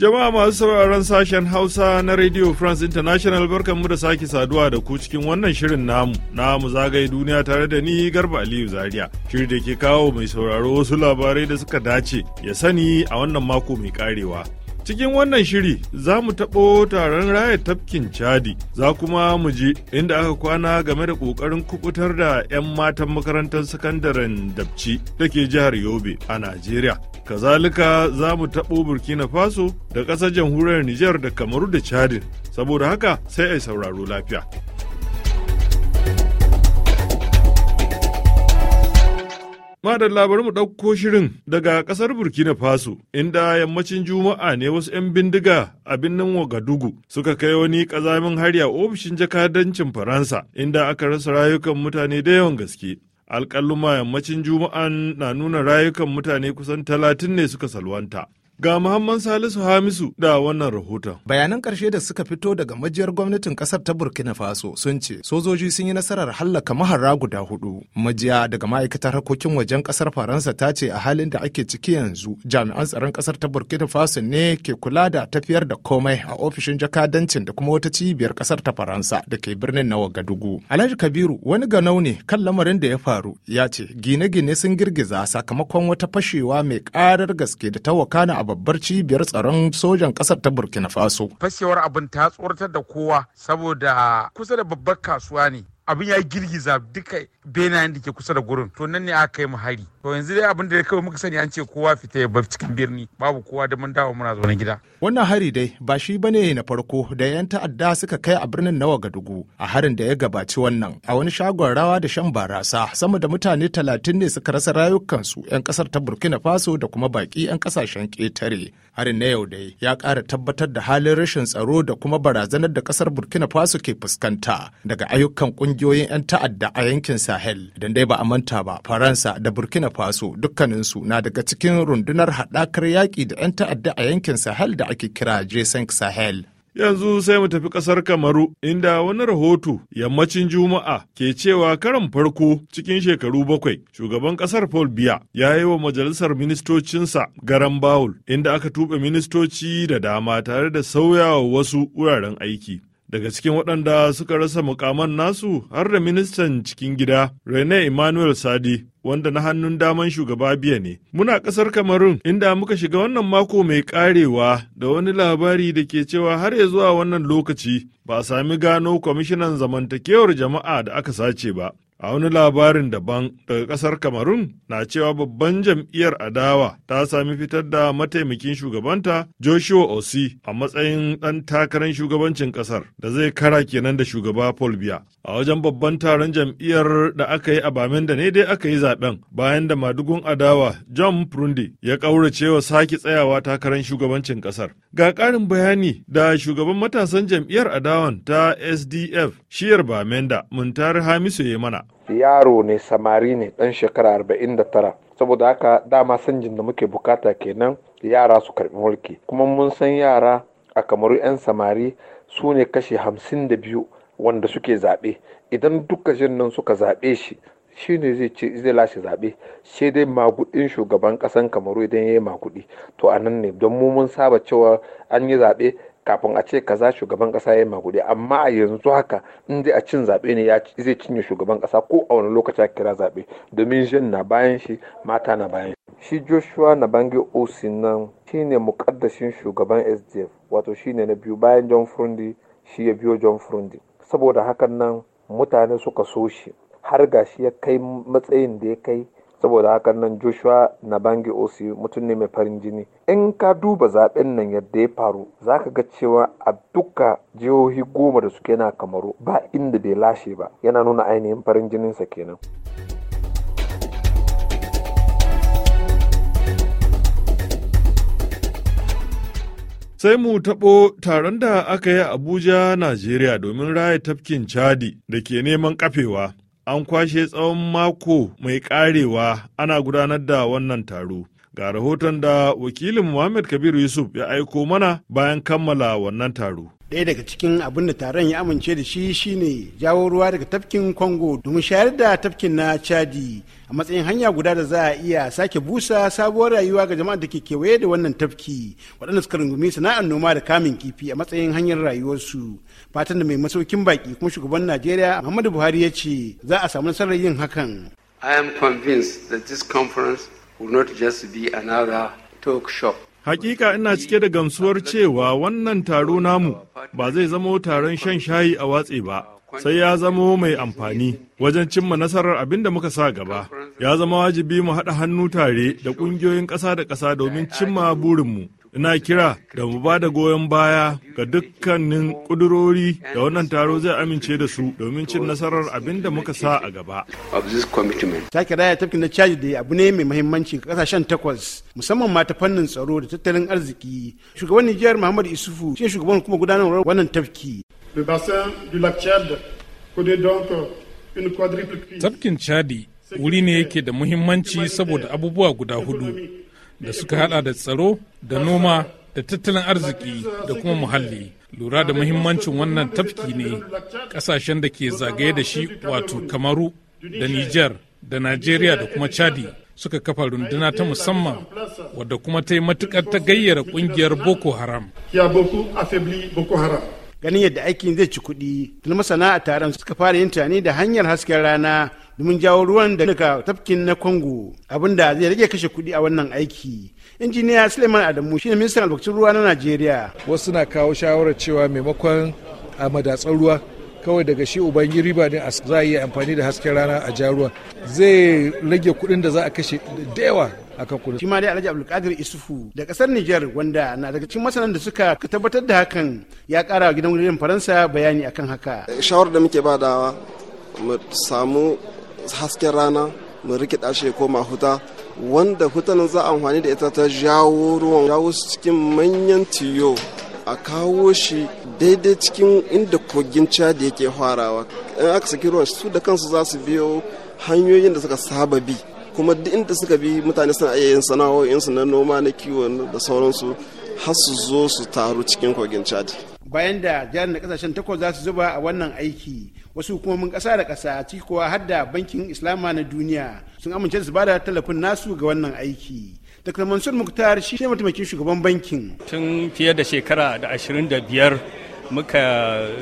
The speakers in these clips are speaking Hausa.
Jama'a masu sauraron sashen Hausa na Radio France International barkanmu da sake saduwa da ku cikin wannan shirin namu na mu zagaye duniya tare da ni Garba Aliyu Zaria. Shiri da ke kawo mai sauraro wasu labarai da suka dace ya sani a wannan mako mai karewa. Cikin wannan shiri za mu taɓo taron raya tafkin Chadi, za kuma mu je inda aka kwana game da ƙoƙarin kubutar da 'yan matan makarantar sakandaren Dabci da ke jihar Yobe a Najeriya. Kazalika za mu taɓo Burkina Faso da ƙasar jamhuriyar Nijar da Kamaru da Chadin, saboda haka sai a sauraro lafiya. da labarin mu ɗauko shirin daga ƙasar Burkina Faso, inda yammacin Juma'a ne wasu 'yan bindiga a birnin Wagadugu suka kai wani ƙazamin hari a ofishin jakadancin Faransa, inda aka rasa rayukan mutane da yawan gaske. alƙalluma yammacin juma'an na nuna rayukan mutane kusan talatin ne suka salwanta Ga Muhammad Salisu Hamisu da wannan rahoton. Bayanan ƙarshe da suka fito daga majiyar gwamnatin ƙasar ta Burkina Faso sun ce sojoji sun yi nasarar hallaka maharra guda hudu. Majiya daga ma'aikatar harkokin wajen ƙasar Faransa ta ce a halin da ake ciki yanzu jami'an tsaron ƙasar ta Burkina Faso ne ke kula da tafiyar da komai a ofishin jakadancin da kuma wata cibiyar ƙasar ta Faransa da ke birnin na Wagadugu. Alhaji Kabiru wani ganau ne kan lamarin da ya faru ya ce gine-gine sun girgiza sakamakon wata fashewa mai ƙarar gaske da ta wakana a babbar cibiyar tsaron sojan ƙasar ta burkina faso fashewar abin ta tsoratar da kowa saboda kusa da babbar kasuwa ne abin ya girgiza duka benayen da ke kusa da gurin to nan ne aka kai mu hari to yanzu dai abin da ya kai muka sani an ce kowa fita ya cikin birni babu kowa da mun dawo muna zaune gida wannan hari dai ba shi bane na farko da yan ta'adda suka kai a birnin nawa ga dugu a harin da ya gabaci wannan a wani shagon rawa da shan barasa sama da mutane talatin ne suka rasa rayukansu yan kasar ta burkina faso da kuma baki yan kasashen ketare harin na yau dai ya kara tabbatar da halin rashin tsaro da kuma barazanar da kasar burkina faso ke fuskanta daga ayyukan ƙungiyar kungiyoyin 'yan ta'adda a yankin Sahel. Idan dai ba a manta ba, Faransa da Burkina Faso dukkaninsu na daga cikin rundunar haɗakar yaƙi da 'yan ta'adda a yankin Sahel da ake kira j Sahel. yanzu sai mu tafi ƙasar kamaru inda wani rahoto yammacin juma'a ke cewa karan farko cikin shekaru bakwai shugaban ƙasar paul biya ya yi wa majalisar ministocinsa garan bawul inda aka tuɓe ministoci da dama tare da sauyawa wasu wuraren aiki daga cikin waɗanda suka rasa mukaman nasu har da ministan cikin gida rene emmanuel sadi wanda na hannun daman shugaba biya ne muna ƙasar kamarun inda muka shiga wannan mako mai ƙarewa da wani labari da ke cewa har ya zuwa wannan lokaci ba a sami gano kwamishinan zamantakewar jama'a da aka sace ba A wani labarin daban daga ƙasar Kamarun na cewa babban jam'iyyar adawa ta sami fitar da mataimakin shugabanta Joshua Osi a matsayin ɗan takarar shugabancin ƙasar da zai kara kenan da shugaba Paul Biya. A wajen babban taron jam'iyyar da aka yi a Bamenda ne dai aka yi zaben bayan da madugun adawa John Prundi ya ƙaurace wa sake tsayawa takarar shugabancin ƙasar. Ga ƙarin bayani da shugaban matasan jam'iyyar adawan ta SDF shiyar Bamenda Muntari Hamisu ya mana. yaro ne samari ne dan shekara arba'in da tara saboda haka dama sanjin da muke bukata kenan yara su karbi mulki kuma mun san yara a kamaru 'yan samari su ne kashe hamsin da biyu wanda suke zaɓe idan duka nan suka zaɓe shi shi ne zai ce zai lashe zaɓe sai dai magudin shugaban ƙasan kamaru idan ya yi magudi to a nan ne don mu mun saba cewa an yi zaɓe kafin a ce kaza shugaban kasa ya magudi amma a yanzu haka in dai a cin zaɓe ne ya zai cinye shugaban kasa ko a wani lokaci a kira zaɓe domin jin na bayan shi mata na bayan shi shi joshua na bangi osi nan ne mukaddashin shugaban sdf wato shi ne na biyu bayan john frundi shi ya biyo john frundi saboda hakan nan mutane suka so shi har ga shi ya kai matsayin da ya kai saboda hakan nan joshua na bangi osi mutum ne mai farin jini in ka duba zaben nan yadda ya faru za ka ga cewa a duka jihohi goma da suke na kamaru ba inda bai lashe ba yana nuna ainihin farin jininsa kenan sai mu taɓo taron da aka yi a Abuja, Najeriya domin raya tafkin Chadi da ke neman kafewa. an kwashe tsawon mako mai karewa ana gudanar da wannan taro. Ga rahoton da wakilin Muhammad Kabiru Yusuf ya aiko mana bayan kammala wannan taro. ɗaya daga cikin abin da taron ya amince da shi shine jawo ruwa daga tafkin congo domin shayar da tafkin na chadi a matsayin hanya guda da za a iya sake busa sabuwar rayuwa ga jama'a da ke kewaye da wannan tafki waɗanda suka rungumi sana'ar noma da kamun kifi a matsayin hanyar rayuwarsu fatan da mai masaukin baki kuma shugaban najeriya muhammadu buhari ya ce za a samu nasarar yin hakan i am convinced that this conference will not just be another talk shop Hakika ina cike da gamsuwar cewa wannan taro namu ba zai zamo taron shan shayi a watse ba, sai ya zamo mai amfani wajen cimma nasarar abin da muka sa gaba. Ya zama wajibi mu haɗa hannu tare da ƙungiyoyin ƙasa da ƙasa domin cimma burinmu. ina kira da mu ba da goyon baya ga dukkanin kudurori da wannan taro zai amince da su domin cin nasarar abin da muka sa a gaba. kira raya tafkin na caji da abu ne mai mahimmanci ga kasashen takwas musamman mata fannin tsaro da tattalin arziki. Shugaban Nijiyar Muhammad Isufu shi shugaban kuma gudanarwar wannan tafki. Tafkin Chadi wuri ne yake da muhimmanci saboda abubuwa guda hudu da suka hada da tsaro da noma da tattalin arziki da kuma muhalli lura da muhimmancin wannan tafki ne kasashen da ke zagaye da shi wato kamaru da niger da nigeria da kuma chadi suka kafa runduna ta musamman wadda kuma ta yi matukar ta gayyara kungiyar boko haram ganin yadda aikin zai ci kuɗi tun masana a taron suka fara yin tunani da hanyar hasken rana domin jawo ruwan da daga tafkin na Congo abinda zai rage kashe kuɗi a wannan aiki. Injiniya Suleiman Adamu shine ministan albarkatun ruwa na Najeriya. Wasu na kawo shawarar cewa maimakon a madatsar ruwa kawai daga shi yi riba ne za a yi amfani da hasken rana a ja zai rage kuɗin da za a kashe da yawa kan kuɗin. Shima dai Alhaji Abdulkadir Isufu da kasar Nijar wanda na daga cikin masanan da suka tabbatar da hakan ya kara wa gidan wajen Faransa bayani akan haka. Shawar da muke badawa mu samu hasken rana mu rikida shi ya koma huta wanda hutanin za a amfani da ita ta jawo ruwan jawo su cikin manyan tiyo a kawo shi daidai cikin inda kogin cadi yake farawa in aka saki ruwan su da kansu za su biyo hanyoyin da suka saba bi kuma duk inda suka bi mutane suna iya yin sana'o'insu na noma na kiwo da sauransu har su zo su taru cikin kogin cadi bayan da jarin da kasashen takwas za su zuba a wannan aiki wasu hukumomin kasa da kasa ciki kuwa har da bankin islama na duniya sun amince su bada tallafin nasu ga wannan aiki dr mansur muktar shi ne mataimakin shugaban bankin tun fiye da shekara da ashirin da biyar muka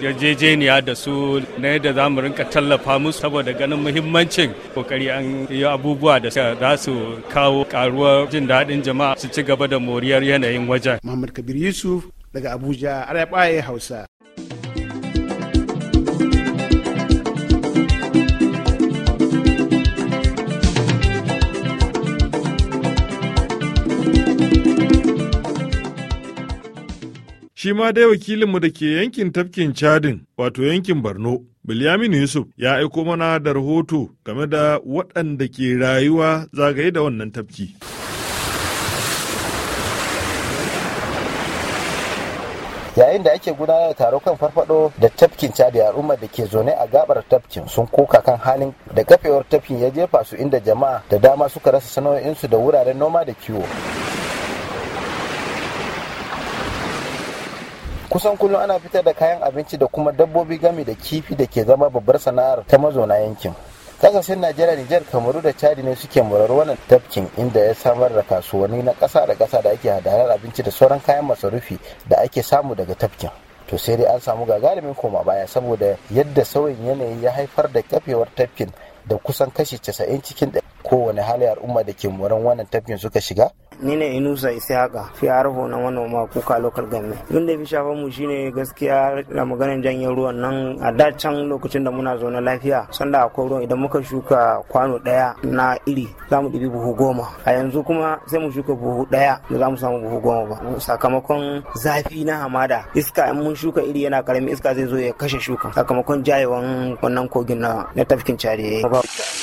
yarjejeniya da su na yadda za mu rinka tallafa musu saboda ganin muhimmancin kokari an yi abubuwa da za su kawo karuwar jin daɗin jama'a su ci gaba da moriyar yanayin wajen. Muhammad Kabir Yusuf daga abuja arabaye hausa shi ma dai wakilinmu da ke yankin tafkin cadin wato yankin borno bilyamin yusuf ya aiko mana da rahoto game da waɗanda ke rayuwa zagaye da wannan tafki yayin da ake gudanar da taro kan farfado da tafkin cadi al'umma da ke zaune a gabar tafkin sun koka kan halin da kafewar tafkin ya jefa su inda jama'a da dama suka rasa sana'o'insu da wuraren noma da kiwo kusan kullum ana fitar da kayan abinci da kuma dabbobi gami da kifi da ke zama babbar sana'ar ta mazauna yankin kasashen najeriya nijar kamaru da chadi ne suke murar wannan tafkin inda ya samar da kasuwanni na ƙasa da kasa da ake hadarar abinci da sauran kayan masarufi da ake samu daga tafkin to sai dai an samu gagarumin koma baya saboda yadda sauyin yanayi ya haifar da kafewar tafkin da kusan kashi 90 cikin kowane hali al'umma da ke muran wannan tafkin suka shiga ni ne inusa isihaka fi harfo na manoma kuka local government abin da fi shafa mu shine gaskiya na maganar janyen ruwan nan a da can lokacin da muna zo na lafiya sanda akwai ruwan idan muka shuka kwano daya na iri za mu ɗibi buhu goma a yanzu kuma sai mu shuka buhu daya da za mu samu buhu goma ba sakamakon zafi na hamada iska in mun shuka iri yana karamin iska zai zo ya kashe shuka sakamakon jayewan wannan kogin na tafkin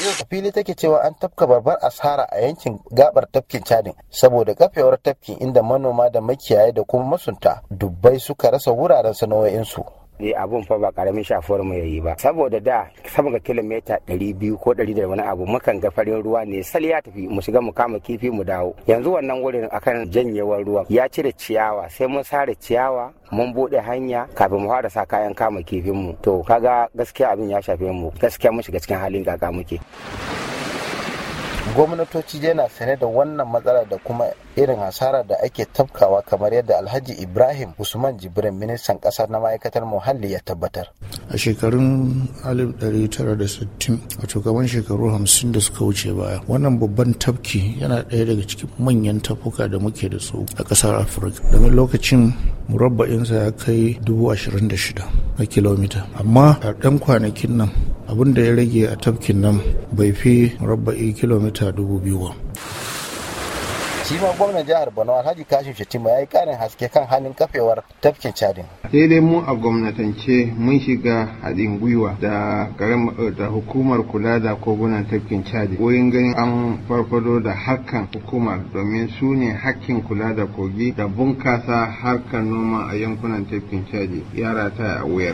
A fili take cewa an tafka babbar asara a yankin gabar tafkin cadin saboda kafewar tafkin inda manoma da makiyaye da kuma masunta dubbai suka rasa wuraren sana'o'insu ne eh, abun fa ba karamin shafuwar mu yayi ba saboda da sama ga kilomita 200 ko 100 da wani abu mukan ga farin ruwa ne sal ya tafi mu shiga mu kama kifi mu dawo yanzu wannan wurin akan janyewar ruwa ya cire ciyawa sai mun sare ciyawa mun bude hanya kafin mu fara sa kayan kama kifin mu to kaga gaskiya abin ya shafe mu gaskiya mun shiga cikin halin gaga muke gwamnatoci dai na sane da wannan matsalar da kuma irin hasara da ake tafkawa kamar yadda alhaji ibrahim usman jibrin ministan kasar na ma'aikatar muhalli ya tabbatar a shekarun 1960 wato gaban shekaru 50 da suka wuce baya wannan babban tafki yana ɗaya daga cikin manyan tafuka da muke da su a ƙasar afirka domin lokacin murabba'insa ya kai 26 na kilomita amma a ɗan kwanakin nan abin da ya rage a tafkin nan bai fi rabba'i kilomita dubu biyu ba shi ma gwamnan jihar borno alhaji kashim shetima ya yi karin haske kan hannun kafewar tafkin chadin sai dai mu a gwamnatance mun shiga haɗin gwiwa da eh, da hukumar kula da kogunan tafkin chadin wurin ganin an farfado da hakan hukumar domin su ne hakkin kula da kogi da bunkasa harkar noma a yankunan tafkin chadin yara ta a wuyar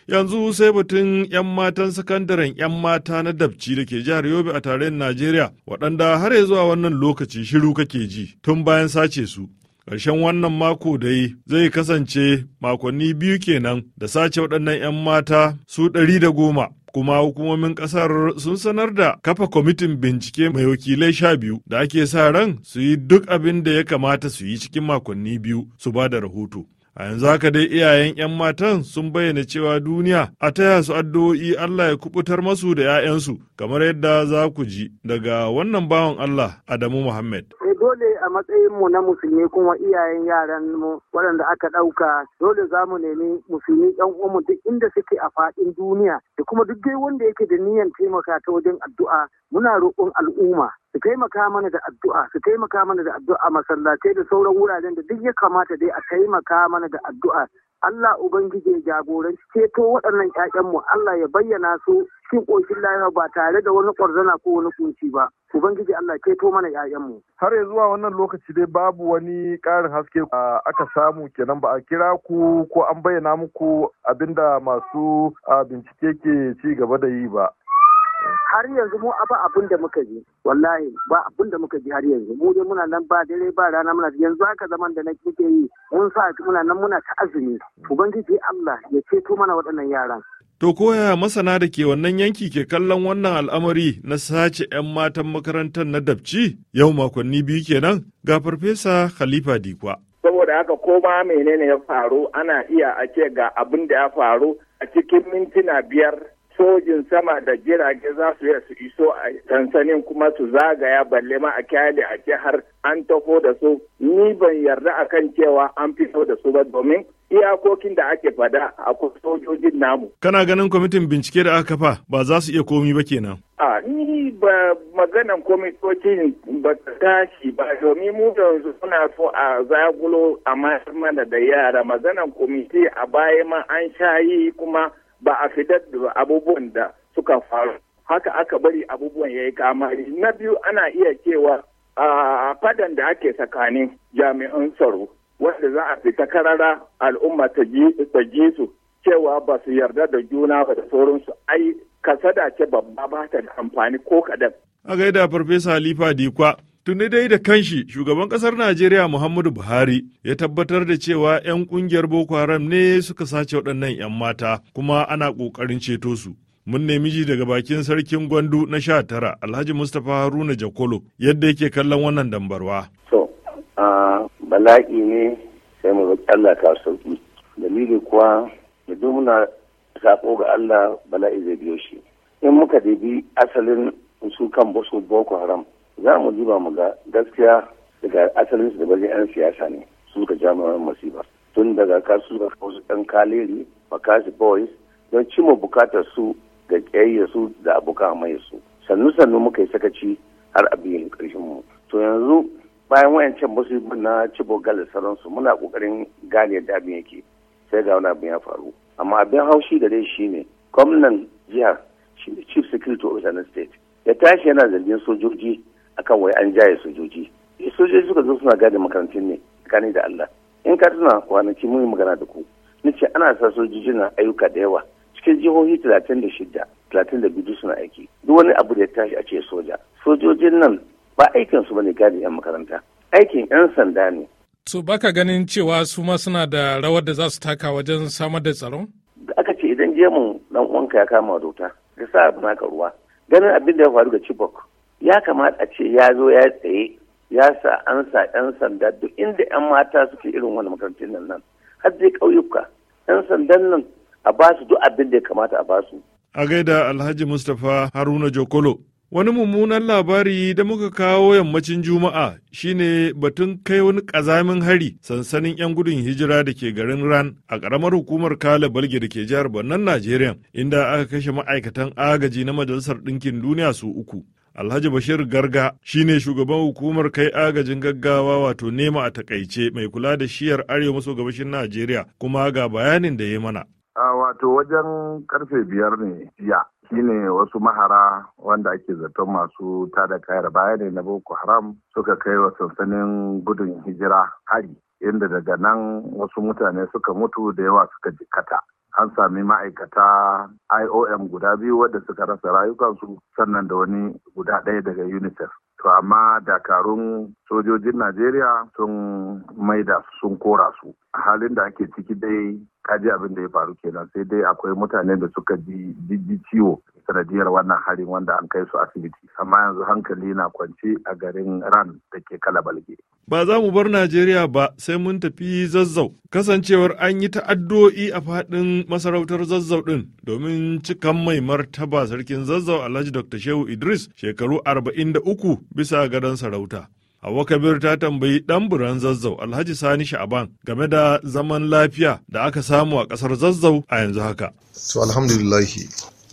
yanzu sai batun 'yan matan sakandaren 'yan mata na dabci da ke jihar yobe a tarayyar najeriya waɗanda har ya zuwa wannan lokaci shiru kake ji tun bayan sace su ƙarshen wannan mako da zai kasance makonni biyu kenan da sace waɗannan 'yan mata su ɗari da goma kuma hukumomin ƙasar sun sanar da kafa kwamitin bincike mai wakilai sha biyu da ake sa ran su yi duk abin da ya kamata su yi cikin makonni biyu su ba da rahoto. A yanzu haka dai iyayen 'yan matan sun bayyana cewa duniya a taya su addu'o'i Allah ya kubutar masu da 'ya'yansu kamar yadda za ku ji daga wannan bawan Allah Adamu Muhammad. dole a matsayin mu na musulmi kuma iyayen yaran mu waɗanda aka ɗauka dole za mu nemi musulmi ɗan uwanmu duk inda suke a faɗin duniya da kuma duk dai wanda yake da niyyar taimaka ta wajen addu'a muna roƙon al'umma su taimaka mana da addu'a su taimaka mana da addu'a masallatai da sauran wuraren da duk ya kamata dai a taimaka mana da addu'a Allah Ubangiji ya jagoranci ceto waɗannan ƴaƴanmu Allah ya bayyana su cikin ƙoshin lafiya ba tare da wani ƙwarzana ko wani kunci ba. Ubangiji Allah ceto mana ƴaƴanmu. Har ya zuwa wannan lokaci dai babu wani ƙarin haske aka samu kenan ba a kira ku ko an bayyana muku abinda masu bincike ke ci gaba da yi ba. har yanzu mu a ba abin da muka ji wallahi ba abin da muka ji har yanzu mu dai muna nan ba dare ba rana muna yanzu haka zaman da nake yi mun sa muna nan muna ta azumi ubangiji Allah ya ceto mana waɗannan yaran To koyaya masana da ke wannan yanki ke kallon wannan al'amari na sace 'yan matan makarantar na dabci yau makonni biyu kenan ga farfesa Khalifa Dikwa. Saboda haka ko ba menene ya faru ana iya ake ga abin da ya faru a cikin mintuna biyar sojin sama da jirage za su iya su iso a sansanin kuma su zagaya balle ma a kyale a jihar an tafo da su ni ban yarda a kan cewa an fito da su ba domin iyakokin da ake fada a sojojin namu. Kana ganin kwamitin bincike da aka kafa ba za su iya komi ba kenan. A ni ba maganan kwamitocin ba tashi ba domin mu yanzu suna so a zagulo a mana da yara maganan kwamiti a baya ma an sha yi kuma ba a fitar da abubuwan da suka faru haka aka bari abubuwan ya yi kamari na biyu ana iya cewa a fadan da ake tsakanin jami'an tsaro wanda za a fita karara al'umma ta ji su cewa ba su yarda da juna ba da sauransu ai kasada ce babba ba ta da amfani ko kadan. A gaida Farfesa Halifa Dikwa. Tuni dai da kanshi shugaban kasar Najeriya Muhammadu Buhari ya tabbatar da cewa 'yan kungiyar Boko Haram ne suka sace waɗannan 'yan mata kuma ana ƙoƙarin ceto su. Mun nemi ji daga bakin sarkin gwandu na sha tara Alhaji Mustapha Haruna Jakolo yadda yake kallon wannan dambarwa. To, bala'i ne sai mu roƙi Allah ka sauki. Dalili kuwa da duk muna saƙo ga Allah bala'i zai biyo shi. In muka dibi asalin su kan Boko Haram za mu duba mu ga gaskiya daga asalin su da bari yan siyasa ne su ka jami'an masifa tun daga kasu ga kawai dan kaleri makasi boys don cimma bukatar su da kyayya su da abokan mai su sannu sannu muka yi sakaci har a biyan ƙarshen mu to yanzu bayan wayancan musibin na cibo galis sauransu muna kokarin gane yadda abin yake sai ga wani abin ya faru amma abin haushi da dai shine gwamnan jihar shi ne chief security officer na state ya tashi yana zargin sojoji akan wai an jaye sojoji sojoji suka zo suna gane makarantun ne tsakani da Allah in ka tuna kwanaki mun magana da ku ni ce ana sa sojoji na ayyuka da yawa cikin jihohi talatin da shida talatin da biyu suna aiki duk wani abu da ya tashi a ce soja sojojin nan ba aikin su bane gadi yan makaranta aikin yan sanda ne to baka ganin cewa su ma suna da rawar da za su taka wajen samar da tsaron aka ce idan jemun dan uwanka ya kama wuta. ka sa abu naka ruwa ganin abin da ya faru da chibok ya kamata a ce ya zo ya tsaye ya sa an sa 'yan sanda duk inda 'yan mata suke irin wani makarantun nan nan har zai ƙauyuka 'yan sandan nan a ba su duk abin da ya kamata a ba su. A gaida Alhaji Mustapha Haruna Jokolo. Wani mummunan labari da muka kawo yammacin Juma'a shine batun kai wani kazamin hari sansanin 'yan gudun hijira da ke garin Ran a karamar hukumar Kale Balge da ke jihar Bannan Najeriya, inda aka kashe ma'aikatan agaji na Majalisar Ɗinkin Duniya su uku. Alhaji Bashir Garga shine shugaban hukumar kai agajin gaggawa wato nema a takaice mai kula da shiyar arewa maso gabashin Najeriya kuma ga bayanin da ya mana. A wato wajen karfe biyar ne jiya shine wasu mahara wanda ake zaton masu tada kayar baya ne na Boko Haram suka kai wa sansanin gudun hijira hari inda daga nan wasu mutane suka mutu da yawa suka jikata. an sami ma'aikata IOM guda biyu wadda suka rasa rayukansu sannan da wani guda ɗaya daga UNICEF. To amma dakarun sojojin Najeriya sun maida sun kora su. A halin da ake ciki dai kaji abin da ya faru kenan sai dai akwai mutanen da suka ji jijji ciwo sanadiyar wannan harin wanda an kai su asibiti amma yanzu hankali na kwance a garin ran da ke kalabalge ba za mu bar najeriya ba sai mun tafi zazzau kasancewar an yi ta'addo'i a faɗin masarautar zazzau din domin cikan mai martaba sarkin zazzau alhaji dr shehu idris shekaru arba'in da uku bisa gadon sarauta Hauwa Kabir ta tambayi ɗan buran zazzau Alhaji Sani Sha'aban game da zaman lafiya da aka samu a ƙasar zazzau a yanzu haka. To alhamdulillah,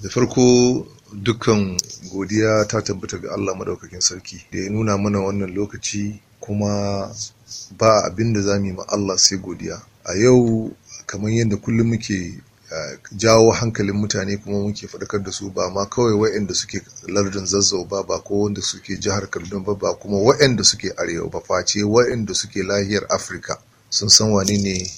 da farko dukkan godiya ta tabbata ga Allah madaukakin sarki da ya nuna mana wannan lokaci kuma ba abin da za mu yi ma Allah sai godiya. A yau kamar yadda kullum muke jawo hankalin mutane kuma muke faɗakar da su ba ma kawai waanda suke lardin zazzau ba ba ko wanda suke jihar kaduna ba ba kuma wa'anda suke arewa ba face waanda suke lahiyar afirka sun san wane ne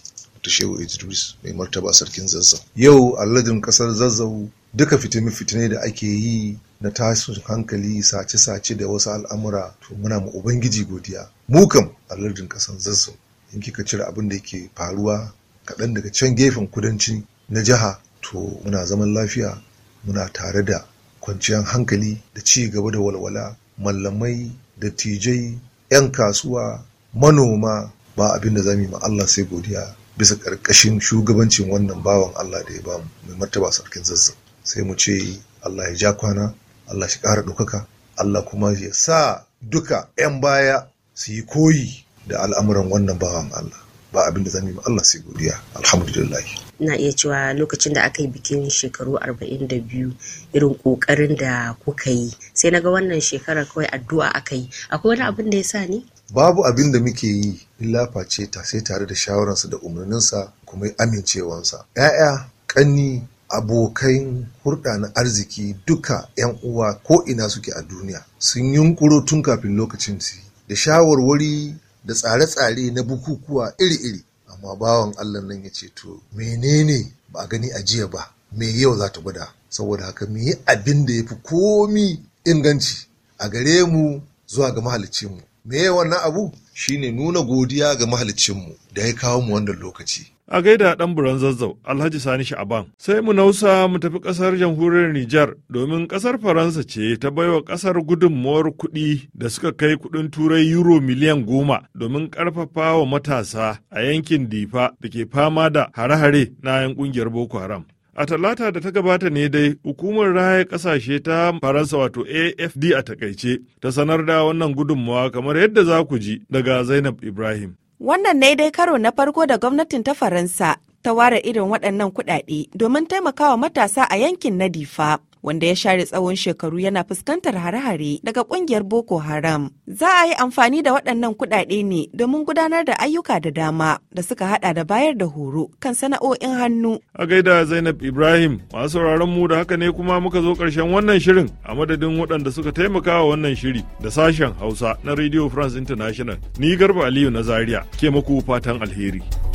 ta shehu idris mai martaba sarkin zazzau yau a lardin ƙasar zazzau duka fitini fitine da ake yi na tashin hankali sace-sace da wasu al'amura to muna ma ubangiji godiya mu kam a lardin ƙasar zazzau in kika cire abin da yake faruwa kaɗan daga can gefen kudancin na jiha to muna zaman lafiya muna tare da kwanciyar hankali da ci gaba da walwala mallamai dattijai 'yan kasuwa manoma ba abin da zamu yi ma Allah sai godiya bisa ƙarƙashin shugabancin wannan bawan Allah da ya bamu mai martaba sarkin zazzau sai mu ce Allah ya ja kwana Allah shi ƙara ɗaukaka Allah kuma ya sa duka 'yan baya su yi koyi da al'amuran wannan bawan Allah ba abin da zanen yi Allah sai godiya alhamdulillah na iya cewa lokacin da aka yi bikin shekaru 42 irin kokarin da kuka yi sai na ga wannan shekarar kawai addu'a aka yi akwai wani abin da ya sa ni babu abin da muke yi illa face ta sai tare da shawararsa da umarninsa kuma amincewansa ya'ya kanni abokan hurɗa na arziki duka 'yan uwa ko ina suke a duniya sun yunkuro tun kafin lokacin su da shawarwari da tsare-tsare na bukukuwa iri-iri amma bawan allah nan ya ce to menene ba a gani a jiya ba me yau za ta gwada saboda haka mu yi abin da ya fi komi inganci a gare mu zuwa ga mahalicinmu me wannan abu shine nuna godiya ga mahalicinmu da ya kawo mu wannan lokaci A gaida ɗan buran zazzau Alhaji Sani Sha'aban. Sai mu nausa mu tafi ƙasar jamhuriyar Nijar domin ƙasar Faransa ce ta bai wa ƙasar gudunmuwar kuɗi da suka kai kuɗin turai euro miliyan goma domin ƙarfafa wa matasa a yankin Difa da ke fama da hare-hare na 'yan ƙungiyar Boko Haram. A talata da ta gabata ne dai hukumar raya ƙasashe ta Faransa wato AFD a takaice ta sanar da wannan gudunmawa kamar yadda za ku ji daga Zainab Ibrahim. Wannan ne dai karo na farko da gwamnatin ta Faransa ta ware irin waɗannan kuɗaɗe domin taimakawa matasa a yankin na Difa. wanda ya share tsawon shekaru yana fuskantar hare-hare daga kungiyar Boko Haram. Za a yi amfani da waɗannan kuɗaɗe ne domin gudanar da ayyuka da dama da suka haɗa da bayar da horo kan sana'o'in hannu. A gaida Zainab Ibrahim, masu sauraron mu da haka ne kuma muka zo ƙarshen wannan shirin a madadin waɗanda suka taimaka wa wannan shiri da sashen Hausa na Radio France International. Ni Garba Aliyu na Zaria ke muku fatan alheri.